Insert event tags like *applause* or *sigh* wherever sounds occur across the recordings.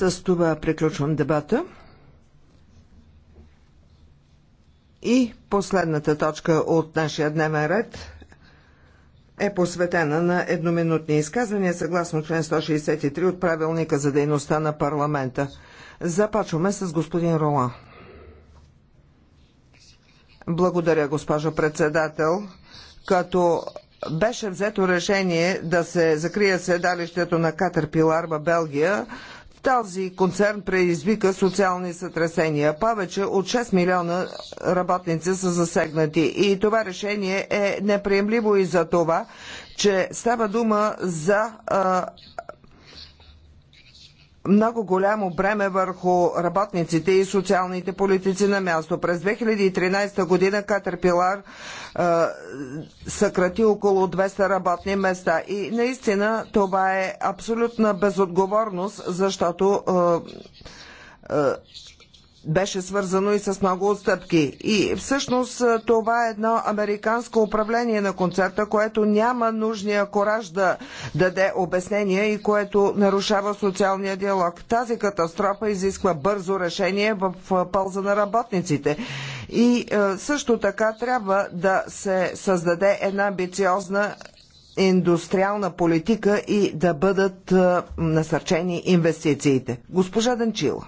С това приключвам дебата. И последната точка от нашия дневен ред е посветена на едноминутни изказвания съгласно член 163 от правилника за дейността на парламента. Започваме с господин Рола. Благодаря, госпожо председател. Като беше взето решение да се закрие седалището на Катерпилар в Белгия, този концерн предизвика социални сътресения. Повече от 6 милиона работници са засегнати и това решение е неприемливо и за това, че става дума за а, много голямо бреме върху работниците и социалните политици на място. През 2013 година Катерпилар съкрати около 200 работни места и наистина това е абсолютна безотговорност, защото е, беше свързано и с много отстъпки. И всъщност това е едно американско управление на концерта, което няма нужния кораж да даде обяснение и което нарушава социалния диалог. Тази катастрофа изисква бързо решение в полза на работниците. И също така трябва да се създаде една амбициозна индустриална политика и да бъдат насърчени инвестициите. Госпожа Данчила.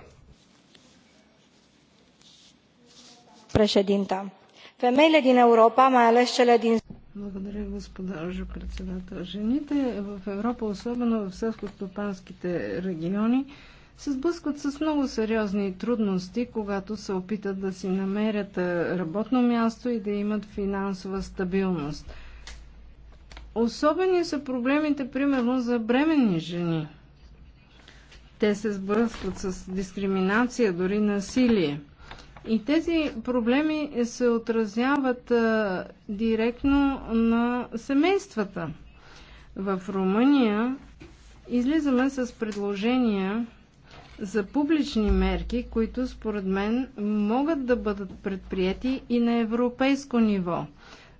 președintă femeile din europa mai ales cele din благодаря, госпожо председател. Жените в Европа, особено в селскостопанските региони, се сблъскват с много сериозни трудности, когато се опитат да си намерят работно място и да имат финансова стабилност. Особени са проблемите, примерно, за бременни жени. Те се сблъскват с дискриминация, дори насилие. И тези проблеми се отразяват а, директно на семействата. В Румъния излизаме с предложения за публични мерки, които според мен могат да бъдат предприяти и на европейско ниво.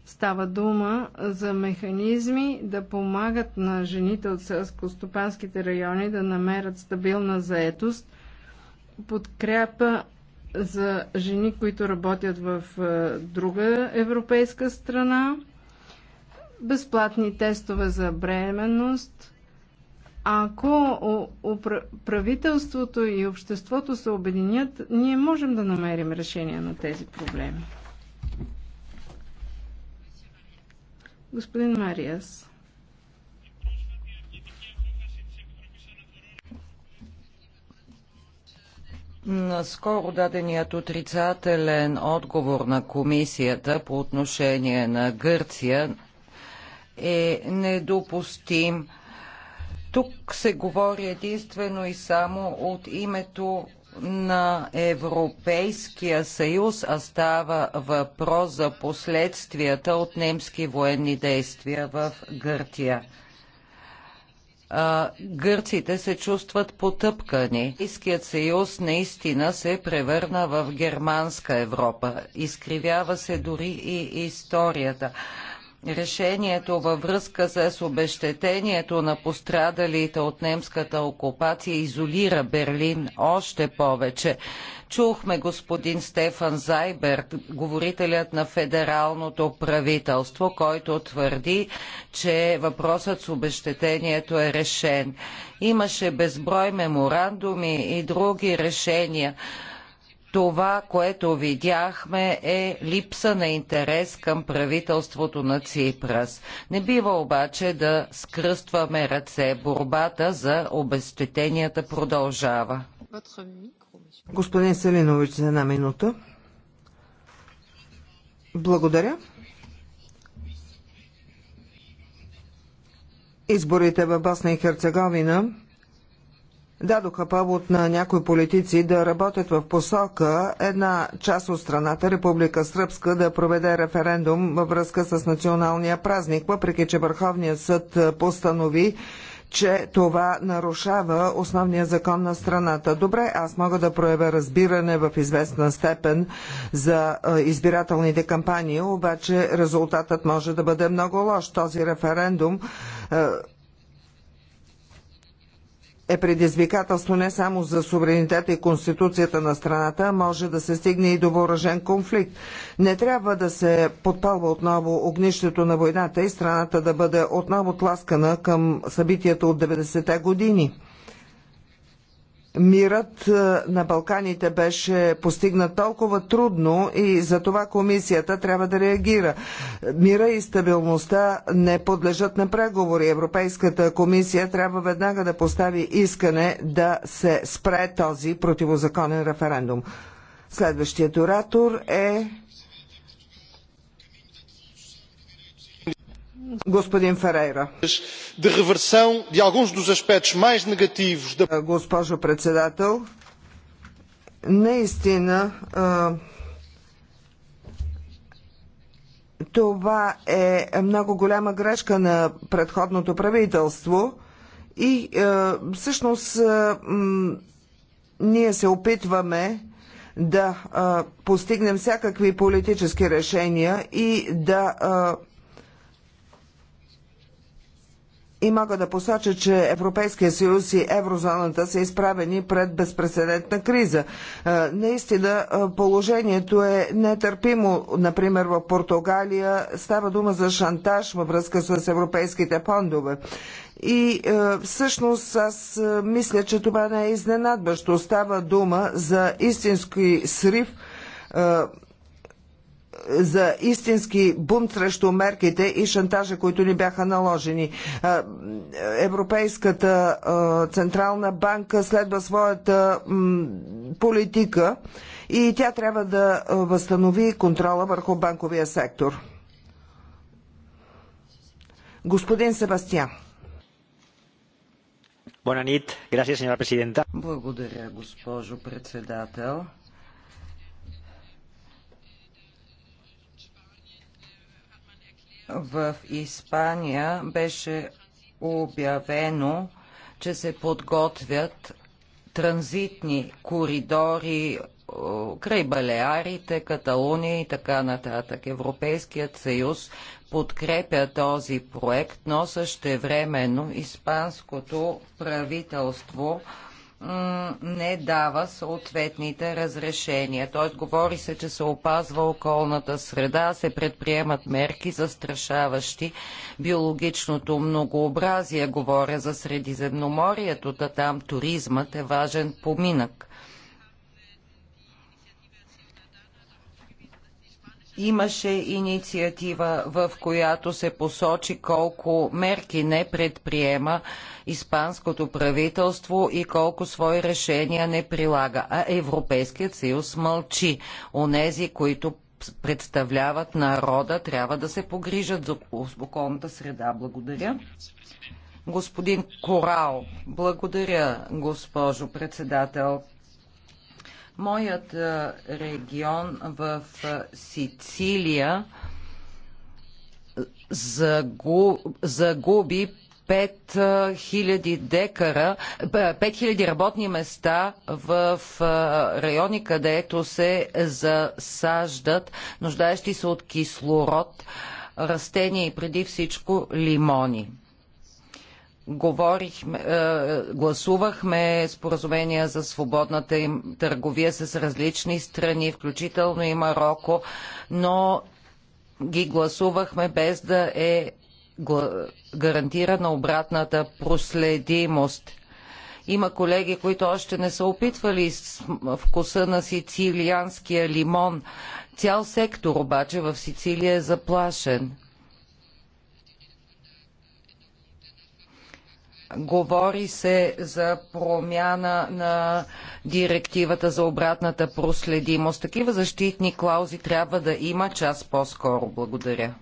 Става дума за механизми да помагат на жените от селско-стопанските райони да намерят стабилна заетост, подкрепа за жени, които работят в е, друга европейска страна, безплатни тестове за бременност. Ако правителството и обществото се обединят, ние можем да намерим решение на тези проблеми. Господин Мариас. Наскоро даденият отрицателен отговор на комисията по отношение на Гърция е недопустим. Тук се говори единствено и само от името на Европейския съюз, а става въпрос за последствията от немски военни действия в Гърция а, гърците се чувстват потъпкани. Иският съюз наистина се превърна в германска Европа. Изкривява се дори и историята решението във връзка с обещетението на пострадалите от немската окупация изолира Берлин още повече. Чухме господин Стефан Зайберт, говорителят на федералното правителство, който твърди, че въпросът с обещетението е решен. Имаше безброй меморандуми и други решения. Това, което видяхме е липса на интерес към правителството на Ципрас. Не бива обаче да скръстваме ръце. Борбата за обезщетенията продължава. Господин Селинович, за една минута. Благодаря. Изборите в Босна и Херцеговина дадоха повод на някои политици да работят в посока една част от страната, Република Сръбска, да проведе референдум във връзка с националния празник, въпреки че Върховният съд постанови, че това нарушава основния закон на страната. Добре, аз мога да проявя разбиране в известна степен за избирателните кампании, обаче резултатът може да бъде много лош. Този референдум е предизвикателство не само за суверенитета и конституцията на страната, а може да се стигне и до въоръжен конфликт. Не трябва да се подпалва отново огнището на войната и страната да бъде отново тласкана към събитията от 90-те години. Мирът е, на Балканите беше постигнат толкова трудно и за това комисията трябва да реагира. Мира и стабилността не подлежат на преговори. Европейската комисия трябва веднага да постави искане да се спре този противозаконен референдум. Следващият оратор е Господин Ферейра. Госпожо председател, наистина това е много голяма грешка на предходното правителство и всъщност ние се опитваме да постигнем всякакви политически решения и да И мога да посоча, че Европейския съюз и еврозоната са изправени пред безпредседентна криза. Е, наистина е, положението е нетърпимо. Например, в Португалия става дума за шантаж във връзка с европейските фондове. И е, всъщност аз е, мисля, че това не е изненадващо. Става дума за истински срив. Е, за истински бунт срещу мерките и шантажа, които ни бяха наложени. Европейската централна банка следва своята политика и тя трябва да възстанови контрола върху банковия сектор. Господин Себастиан. Благодаря, госпожо председател. в Испания беше обявено, че се подготвят транзитни коридори край Балеарите, Каталуния и така нататък. Европейският съюз подкрепя този проект, но също времено испанското правителство не дава съответните разрешения. Т.е. говори се, че се опазва околната среда, се предприемат мерки застрашаващи биологичното многообразие. Говоря за Средиземноморието, да там туризмът е важен поминък. имаше инициатива, в която се посочи колко мерки не предприема испанското правителство и колко свои решения не прилага. А Европейският съюз мълчи. Онези, които представляват народа, трябва да се погрижат за околната среда. Благодаря. Господин Корал, благодаря, госпожо председател. Моят регион в Сицилия загуби 5000 декара, 5000 работни места в райони, където се засаждат нуждаещи се от кислород растения и преди всичко лимони говорихме, е, гласувахме споразумения за свободната им търговия с различни страни, включително и Марокко, но ги гласувахме без да е гарантирана обратната проследимост. Има колеги, които още не са опитвали вкуса на сицилианския лимон. Цял сектор обаче в Сицилия е заплашен. Говори се за промяна на директивата за обратната проследимост. Такива защитни клаузи трябва да има час по-скоро. Благодаря.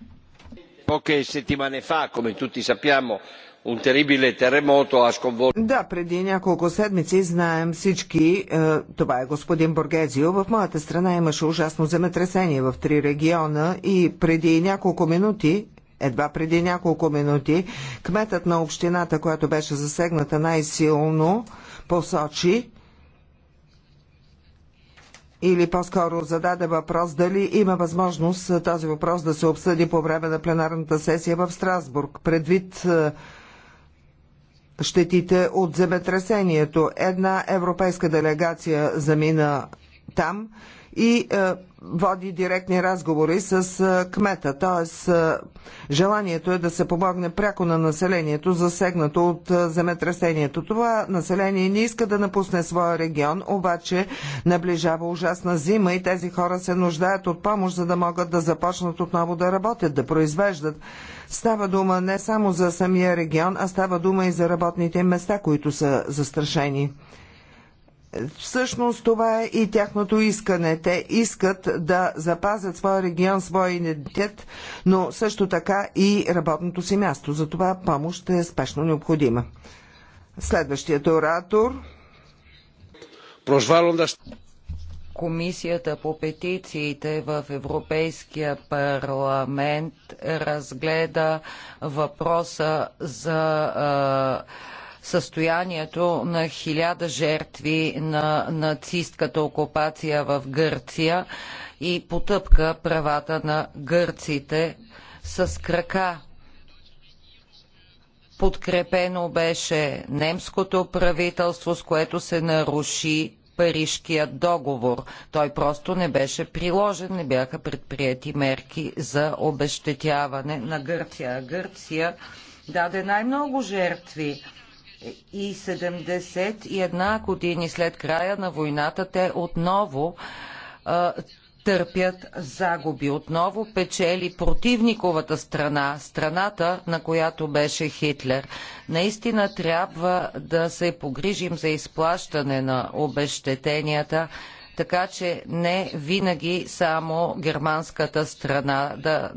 un terribile terremoto ha sconvolto. Да, преди няколко седмици знаем всички, е, това е господин Боргезио, в моята страна имаше ужасно земетресение в три региона и преди няколко минути едва преди няколко минути, кметът на общината, която беше засегната най-силно, посочи, или по-скоро зададе въпрос дали има възможност е, този въпрос да се обсъди по време на пленарната сесия в Страсбург. Предвид е, щетите от земетресението. Една европейска делегация замина там и е, води директни разговори с е, кмета. Т.е. желанието е да се помогне пряко на населението, засегнато от е, земетресението. Това население не иска да напусне своя регион, обаче наближава ужасна зима и тези хора се нуждаят от помощ, за да могат да започнат отново да работят, да произвеждат. Става дума не само за самия регион, а става дума и за работните места, които са застрашени. Всъщност това е и тяхното искане. Те искат да запазят своя регион, своя идентитет, но също така и работното си място. Затова помощ е спешно необходима. Следващият оратор. Комисията по петициите в Европейския парламент разгледа въпроса за състоянието на хиляда жертви на нацистката окупация в Гърция и потъпка правата на гърците с крака. Подкрепено беше немското правителство, с което се наруши Парижкият договор. Той просто не беше приложен, не бяха предприяти мерки за обещетяване на Гърция. Гърция даде най-много жертви и 71 години след края на войната те отново а, търпят загуби. Отново печели противниковата страна, страната на която беше Хитлер. Наистина трябва да се погрижим за изплащане на обещетенията, така че не винаги само германската страна да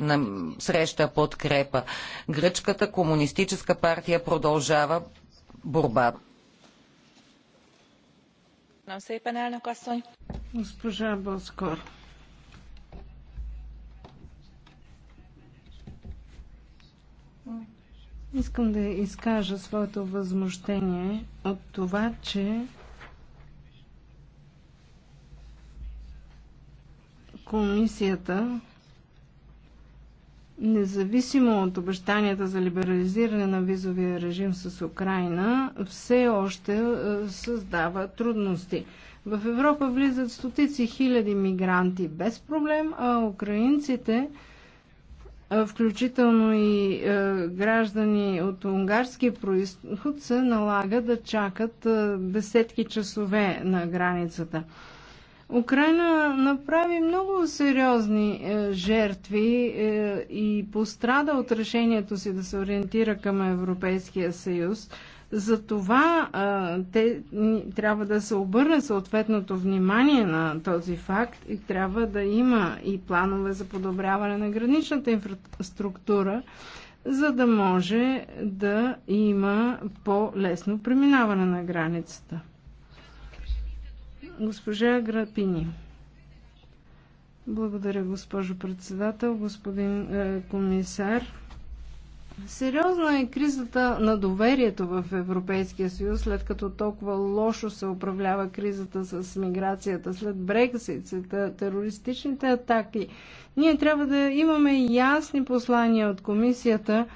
среща подкрепа. Гръцката комунистическа партия продължава борба. Госпожа Боскор. Искам да изкажа своето възмущение от това, че комисията Независимо от обещанията за либерализиране на визовия режим с Украина, все още е, създава трудности. В Европа влизат стотици хиляди мигранти без проблем, а украинците, е, включително и е, граждани от унгарски происход, се налага да чакат десетки часове на границата. Украина направи много сериозни е, жертви е, и пострада от решението си да се ориентира към Европейския съюз. За това е, те, трябва да се обърне съответното внимание на този факт и трябва да има и планове за подобряване на граничната инфраструктура, за да може да има по-лесно преминаване на границата. Госпожа Грапини. Благодаря, госпожо председател, господин е, комисар. Сериозна е кризата на доверието в Европейския съюз, след като толкова лошо се управлява кризата с миграцията, след Брексит, терористичните атаки. Ние трябва да имаме ясни послания от комисията,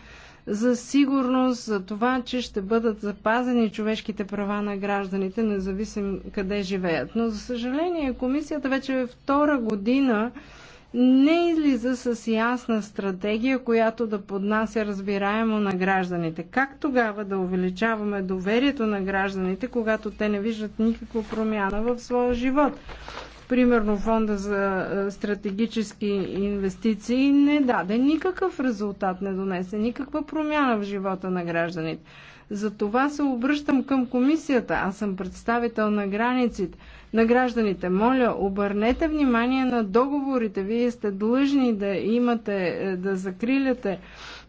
за сигурност, за това, че ще бъдат запазени човешките права на гражданите, независимо къде живеят. Но, за съжаление, комисията вече е втора година не излиза с ясна стратегия, която да поднася разбираемо на гражданите. Как тогава да увеличаваме доверието на гражданите, когато те не виждат никаква промяна в своя живот? примерно фонда за стратегически инвестиции, не даде никакъв резултат, не донесе никаква промяна в живота на гражданите. За това се обръщам към комисията. Аз съм представител на границите, на гражданите. Моля, обърнете внимание на договорите. Вие сте длъжни да имате, е, да закриляте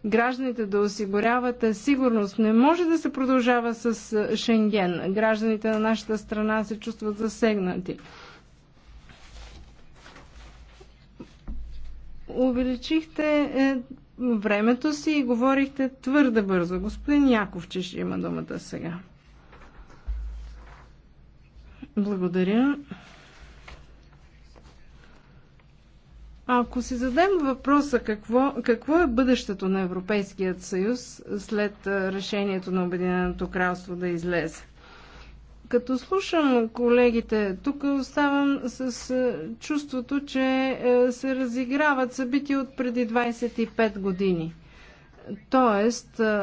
гражданите, да осигурявате сигурност. Не може да се продължава с е, Шенген. Гражданите на нашата страна се чувстват засегнати. увеличихте е, времето си и говорихте твърде бързо. Господин Яков, че ще има думата сега. Благодаря. Ако си задем въпроса какво, какво е бъдещето на Европейският съюз след е, решението на Обединеното кралство да излезе, като слушам колегите, тук оставам с е, чувството, че е, се разиграват събития от преди 25 години. Тоест, е,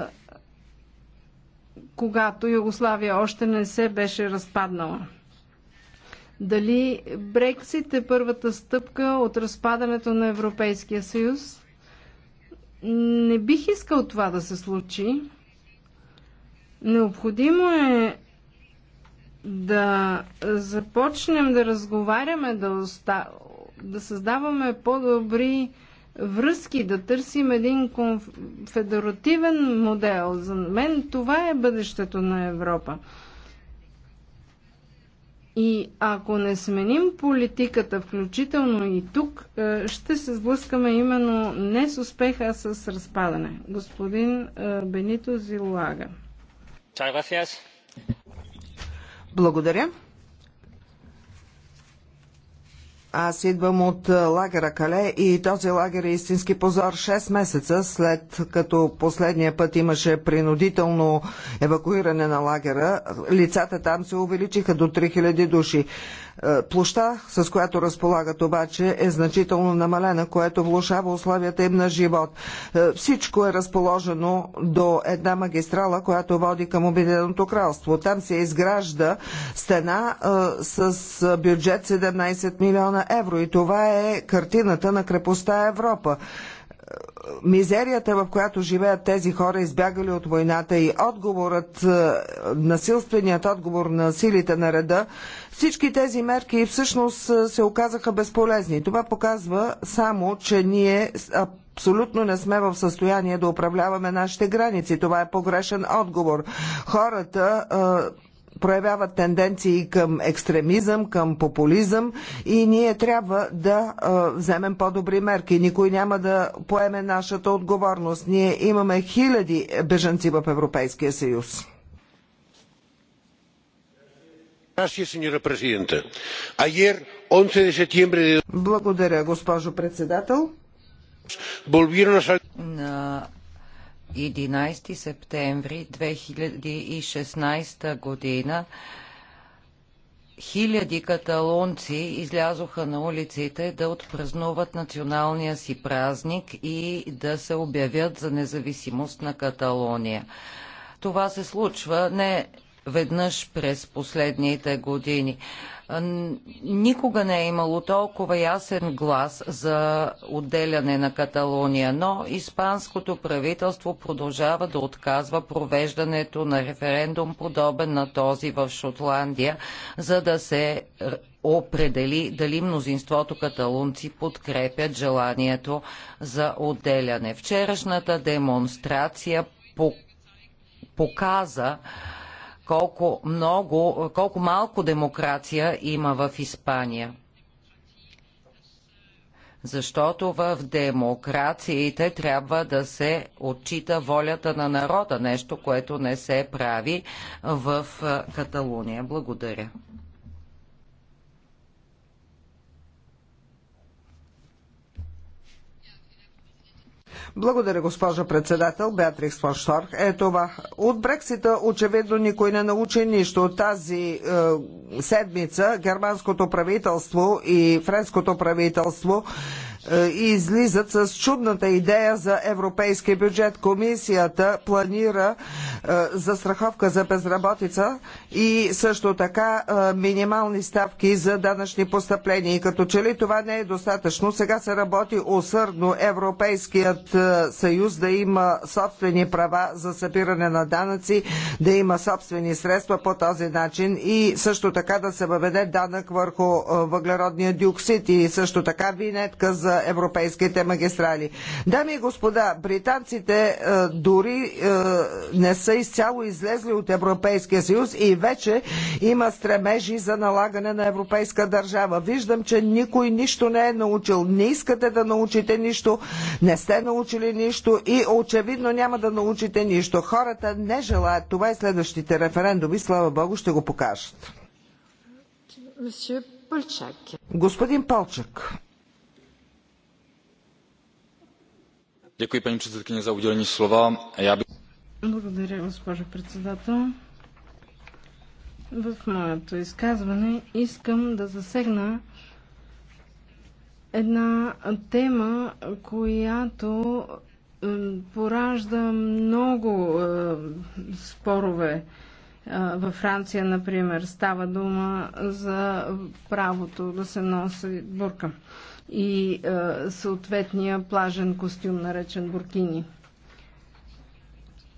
когато Югославия още не се беше разпаднала. Дали Брексит е първата стъпка от разпадането на Европейския съюз? Не бих искал това да се случи. Необходимо е да започнем да разговаряме, да, оста... да създаваме по-добри връзки, да търсим един конфедеративен модел. За мен това е бъдещето на Европа. И ако не сменим политиката, включително и тук, е, ще се сблъскаме именно не с успеха, а с разпадане. Господин е, Бенито Зилуага. Благодаря. Аз идвам от лагера Кале и този лагер е истински позор. 6 месеца след като последния път имаше принудително евакуиране на лагера, лицата там се увеличиха до 3000 души. Е, площа, с която разполагат обаче, е значително намалена, което влушава условията им на живот. Е, всичко е разположено до една магистрала, която води към Обединеното кралство. Там се изгражда стена е, с бюджет 17 милиона евро и това е картината на крепостта Европа мизерията, в която живеят тези хора, избягали от войната и отговорът, е, насилственият отговор на силите на реда, всички тези мерки всъщност е, се оказаха безполезни. Това показва само, че ние абсолютно не сме в състояние да управляваме нашите граници. Това е погрешен отговор. Хората е, проявяват тенденции към екстремизъм, към популизъм и ние трябва да вземем по-добри мерки. Никой няма да поеме нашата отговорност. Ние имаме хиляди бежанци в Европейския съюз. Благодаря, госпожо председател. На 11 септември 2016 година хиляди каталонци излязоха на улиците да отпразнуват националния си празник и да се обявят за независимост на Каталония. Това се случва не веднъж през последните години. Никога не е имало толкова ясен глас за отделяне на Каталуния, но испанското правителство продължава да отказва провеждането на референдум, подобен на този в Шотландия, за да се е, определи дали мнозинството каталунци подкрепят желанието за отделяне. Вчерашната демонстрация показа, колко, много, колко малко демокрация има в Испания. Защото в демокрациите трябва да се отчита волята на народа, нещо, което не се прави в Каталуния. Благодаря. Благодаря, госпожо председател. Беатрикс Фоншторх. Е това. От Брексита очевидно никой не научи нищо. Тази е, седмица германското правителство и френското правителство е, излизат с чудната идея за европейски бюджет. Комисията планира е, за страховка за безработица и също така е, минимални ставки за данъчни постъпления. И като че ли това не е достатъчно, сега се работи усърдно Европейският съюз да има собствени права за събиране на данъци, да има собствени средства по този начин и също така да се въведе данък върху въглеродния диоксид и също така винетка за европейските магистрали. Дами и господа, британците е, дори е, не са изцяло излезли от Европейския съюз и вече има стремежи за налагане на европейска държава. Виждам, че никой нищо не е научил. Не искате да научите нищо, не сте научили нищо и очевидно няма да научите нищо. Хората не желаят това и е следващите референдуми, слава Богу, ще го покажат. Господин Полчак. Děkuji, paní předsedkyně, за udělení slova. Já bych... Благодаря, госпожо председател. В моето изказване искам да засегна една тема, която поражда много е, спорове. Е, във Франция, например, става дума за правото да се носи бурка и е, съответния плажен костюм, наречен буркини.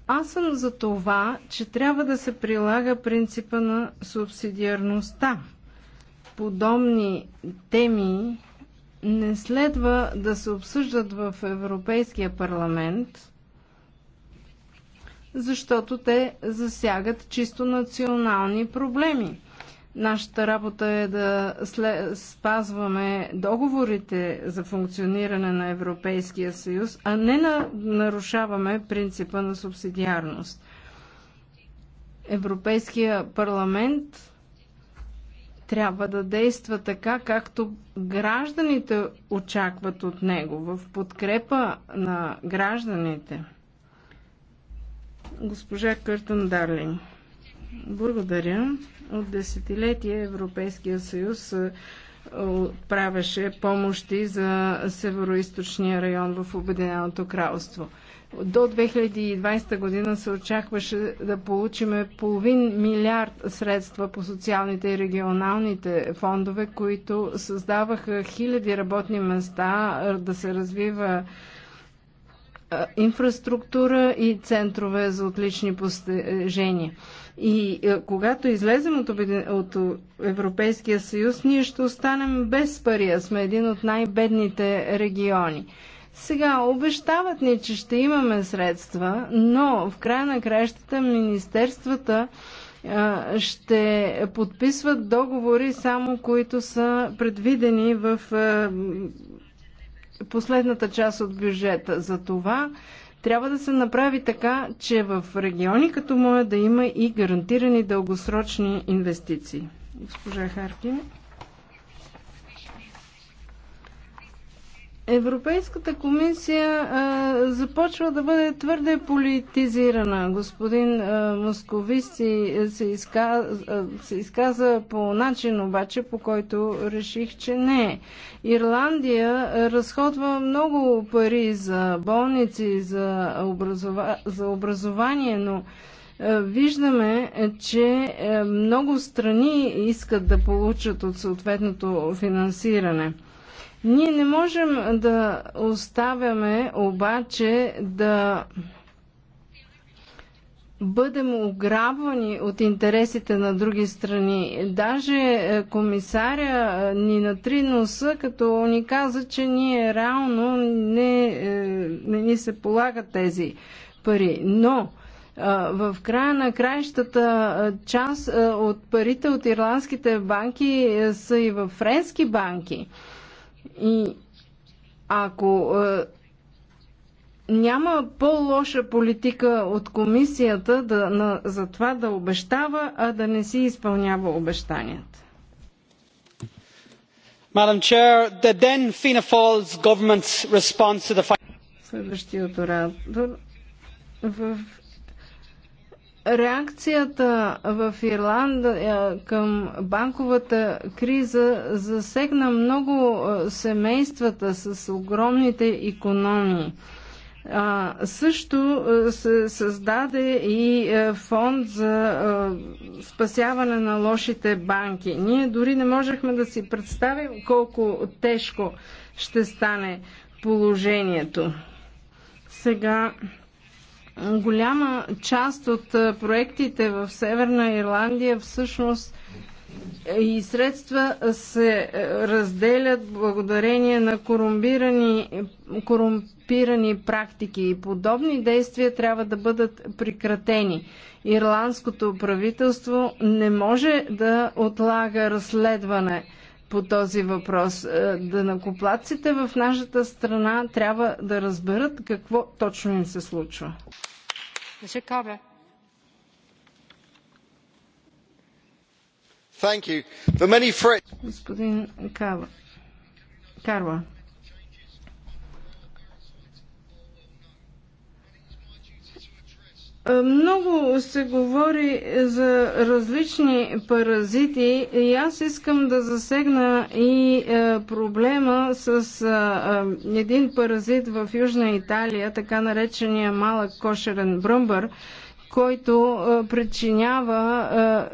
Аз съм за това, че трябва да се прилага принципа на субсидиарността. Подобни теми не следва да се обсъждат в Европейския парламент, защото те засягат чисто национални проблеми. Нашата работа е да спазваме договорите за функциониране на Европейския съюз, а не на, нарушаваме принципа на субсидиарност. Европейския парламент трябва да действа така, както гражданите очакват от него, в подкрепа на гражданите. Госпожа Къртън Дарлинг. Благодаря. От десетилетия Европейския съюз е, отправяше помощи за северо район в Обединеното кралство. До 2020 година се очакваше да получим половин милиард средства по социалните и регионалните фондове, които създаваха хиляди работни места, е, да се развива инфраструктура и центрове за отлични постижения. И когато излезем от, от Европейския съюз, ние ще останем без пари, сме един от най-бедните региони. Сега обещават ни, че ще имаме средства, но в края на краищата министерствата ще подписват договори само които са предвидени в последната част от бюджета. За това трябва да се направи така, че в региони като моя да има и гарантирани дългосрочни инвестиции. Госпожа Харкин. Европейската комисия а, започва да бъде твърде политизирана. Господин а, Московисти се, изка, а, се изказа по начин обаче, по който реших, че не. Ирландия разходва много пари за болници, за, образова, за образование, но виждаме, че много страни искат да получат от съответното финансиране. Ние не можем да оставяме обаче да бъдем ограбвани от интересите на други страни. Даже е, комисаря е, ни на три носа, като ни каза, че ние реално не, е, не ни се полагат тези пари. Но в края на краищата част от парите от ирландските банки са и в френски банки. И ако е, няма по-лоша политика от комисията да, на, за това да обещава, а да не си изпълнява обещанията. Madam Chair, the then Fianna Fáil's government's response to the Следващият оратор. В Реакцията в Ирландия е, към банковата криза засегна много е, семействата с огромните економии. А, също е, се създаде и фонд за а, спасяване на лошите банки. Ние дори не можехме да си представим колко тежко ще стане положението. Сега Голяма част от проектите в Северна Ирландия всъщност е, и средства се е, разделят благодарение на корумпирани, корумпирани практики и подобни действия трябва да бъдат прекратени. Ирландското правителство не може да отлага разследване по този въпрос. Е, накоплаците в нашата страна трябва да разберат какво точно им се случва mr president for many Е, много се говори за различни паразити и аз искам да засегна и е, проблема с е, един паразит в Южна Италия, така наречения малък кошерен бръмбър, който причинява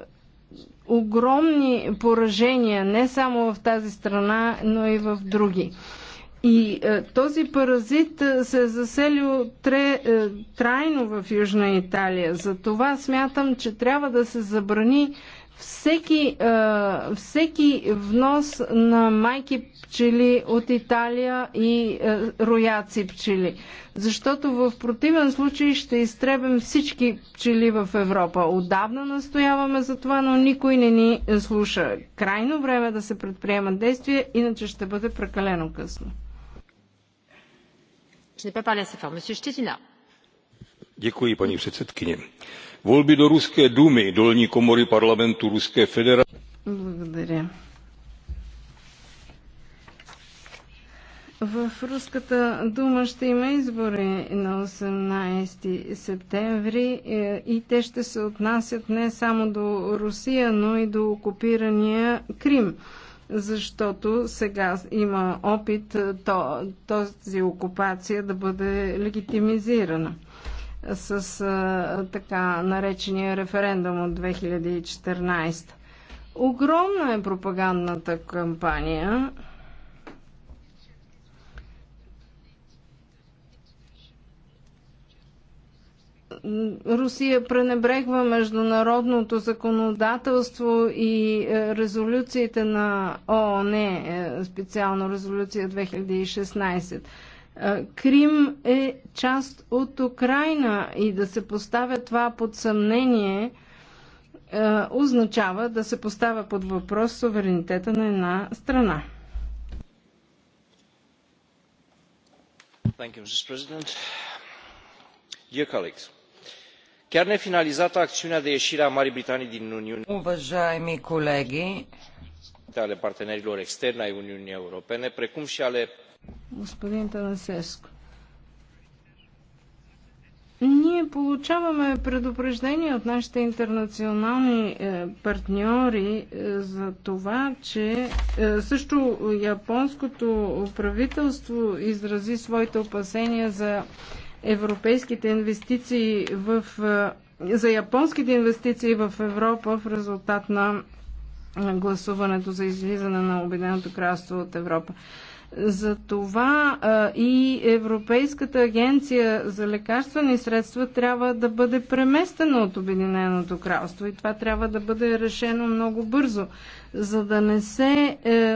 огромни поражения не само в тази страна, но и в други. И е, този паразит е, се е заселил тре, е, трайно в Южна Италия. Затова смятам, че трябва да се забрани всеки, е, всеки внос на майки пчели от Италия и е, рояци пчели. Защото в противен случай ще изтребим всички пчели в Европа. Отдавна настояваме за това, но никой не ни слуша. Крайно време е да се предприемат действия, иначе ще бъде прекалено късно paní předsedající volby do ruské dumy dolní komory parlamentu ruské federace В Руската дума ще има избори на 18 септември е, и те ще се отнасят не само до Русия, но и до окупирания Крим защото сега има опит е, то, окупация да бъде легитимизирана с а, е, така наречения референдум от 2014. Огромна е пропагандната кампания. Русия пренебрегва международното законодателство и е, резолюциите на ООН, е, специално резолюция 2016. Е, Крим е част от Украина и да се поставя това под съмнение означава да се поставя под въпрос суверенитета на една страна. Thank you, Mrs. President. Dear colleagues, Chiar nefinalizată acțiunea de ieșire a Marii Britanii din Uniune ale partenerilor externi ai Uniunii Europene, precum și ale... ние получаваме предупреждения от нашите интернационални е, партньори е, за това, че е, също японското правителство изрази своите опасения за европейските инвестиции в, за японските инвестиции в Европа в резултат на гласуването за излизане на Обединеното кралство от Европа. За това а, и Европейската агенция за лекарствени средства трябва да бъде преместена от Обединеното кралство и това трябва да бъде решено много бързо, за да не се е,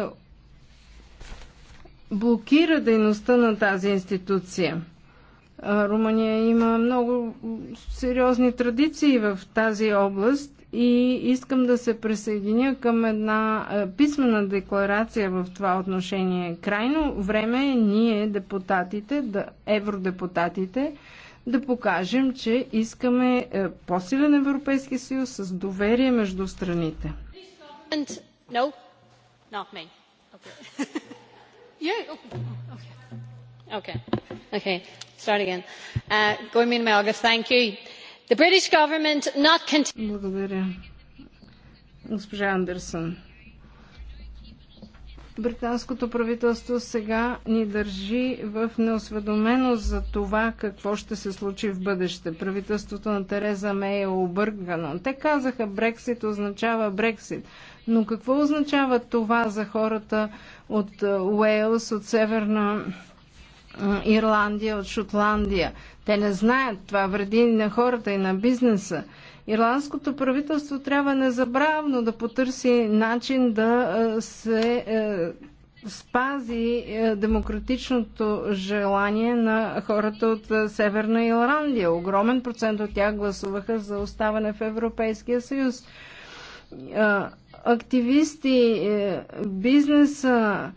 блокира дейността на тази институция. Румъния има много сериозни традиции в тази област и искам да се присъединя към една писмена декларация в това отношение. Крайно време е ние, депутатите, да, евродепутатите, да покажем, че искаме по-силен Европейски съюз с доверие между страните. No, not me. Okay. *laughs* yeah, okay. Okay. Okay. Start again. Uh, thank you. The British government not Благодаря. Госпожа Британското правителство сега ни държи в неосведоменост за това какво ще се случи в бъдеще. Правителството на Тереза Мей е объркано. Те казаха Брексит означава Брексит. Но какво означава това за хората от е, Уейлс, от Северна Ирландия от Шотландия. Те не знаят това вреди на хората и на бизнеса. Ирландското правителство трябва незабравно да потърси начин да се е, спази е, демократичното желание на хората от е, Северна Ирландия. Огромен процент от тях гласуваха за оставане в Европейския съюз. Активисти, бизнеса,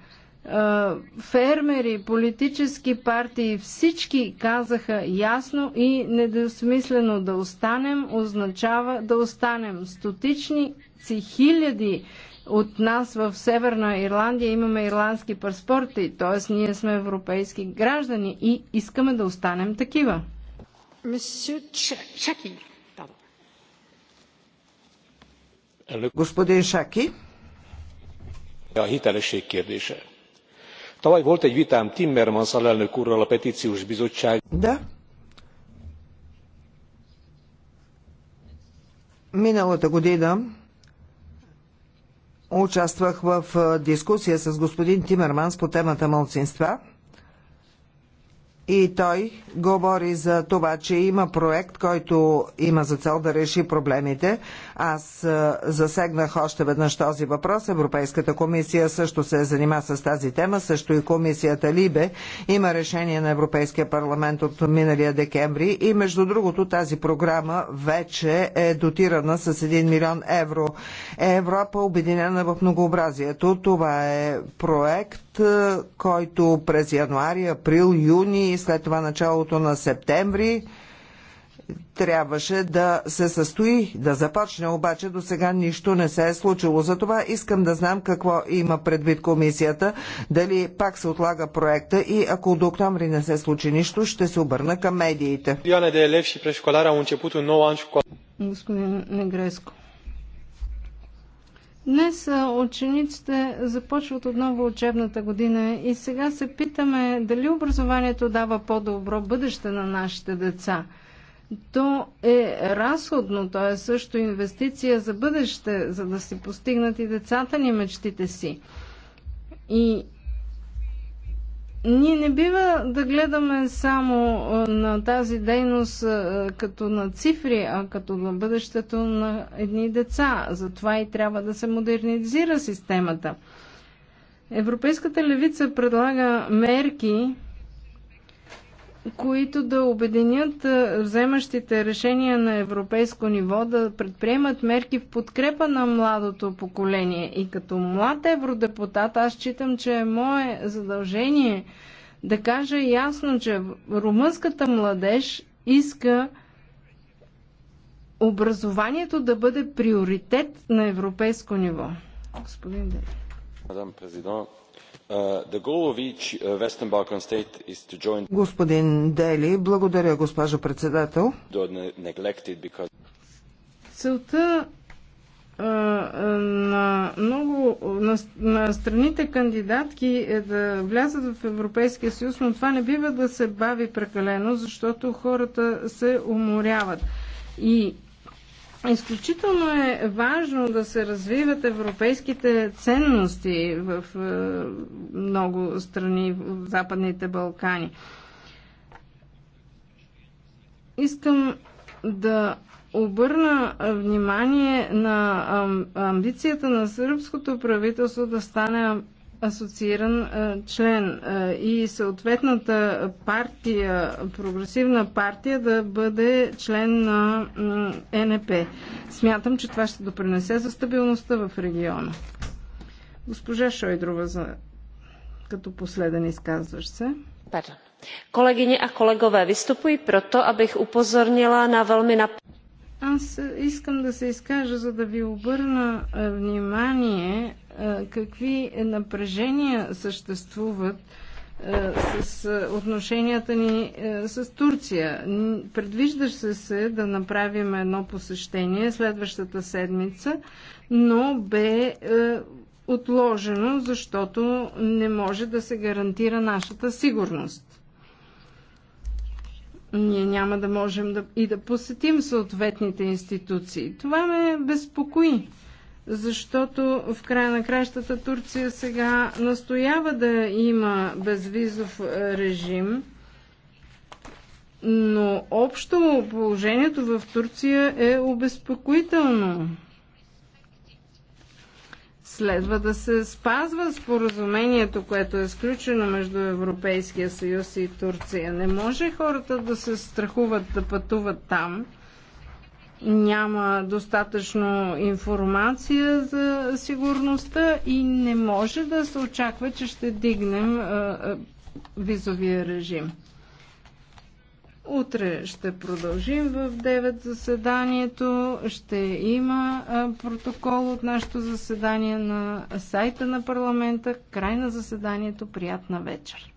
фермери, политически партии, всички казаха ясно и недосмислено да останем, означава да останем. Стотичници хиляди от нас в Северна Ирландия имаме ирландски паспорти, т.е. ние сме европейски граждани и искаме да останем такива. Господин Шаки. Господин Шаки. Tavaly volt egy vitám Timmermans alelnök úrral a petíciós bizottság. Да. Миналата година участвах в дискусия с господин Тимерманс по темата мълцинства и той говори за това, че има проект, който има за цел да реши проблемите. Аз засегнах още веднъж този въпрос. Европейската комисия също се занима с тази тема, също и комисията Либе. Има решение на Европейския парламент от миналия декември и между другото тази програма вече е дотирана с 1 милион евро. Европа е обединена в многообразието. Това е проект, е, който през януари, април, юни и след това началото на септември трябваше да се състои, да започне, обаче до сега нищо не се е случило. Затова искам да знам какво има предвид комисията, дали пак се отлага проекта и ако до октомври не се случи нищо, ще се обърна към медиите. Господин Негреско, Днес учениците започват отново учебната година и сега се питаме дали образованието дава по-добро бъдеще на нашите деца. То е разходно, то е също инвестиция за бъдеще, за да си постигнат и децата ни мечтите си. И ние не бива да гледаме само на тази дейност като на цифри, а като на бъдещето на едни деца. Затова и трябва да се модернизира системата. Европейската левица предлага мерки, които да обединят вземащите решения на европейско ниво да предприемат мерки в подкрепа на младото поколение. И като млад евродепутат аз считам, че е мое задължение да кажа ясно, че румънската младеж иска образованието да бъде приоритет на европейско ниво. Господин Дели. Мадам президент, Uh, uh, Господин Дели, благодаря, госпожо председател. Целта на много на, на страните кандидатки е да влязат в Европейския съюз, но това не бива да се бави прекалено, защото хората се уморяват. И Изключително е важно да се развиват европейските ценности в е, много страни в Западните Балкани. Искам да обърна внимание на амбицията на сръбското правителство да стане асоцииран член и съответната партия, прогресивна партия да бъде член на НП. Смятам, че това ще допринесе за стабилността в региона. Госпожа Шойдрова за... като последен изказваш се. Pardon. Kolegyně колегове, kolegové, vystupuji proto, abych упозорнила на velmi nap... Аз искам да се изкажа, за да ви обърна е, внимание е, какви напрежения съществуват е, с отношенията ни с Турция. Предвижда се, се да направим едно посещение следващата седмица, но бе отложено, защото не може да се гарантира нашата сигурност ние няма да можем да, и да посетим съответните институции. Това ме безпокои, защото в края на кращата Турция сега настоява да има безвизов е, режим, но общо положението в Турция е обезпокоително. Следва да се спазва споразумението, което е сключено между Европейския съюз и Турция. Не може хората да се страхуват да пътуват там. Няма достатъчно информация за сигурността и не може да се очаква, че ще дигнем визовия режим. Утре ще продължим в 9 заседанието. Ще има протокол от нашето заседание на сайта на парламента. Край на заседанието. Приятна вечер!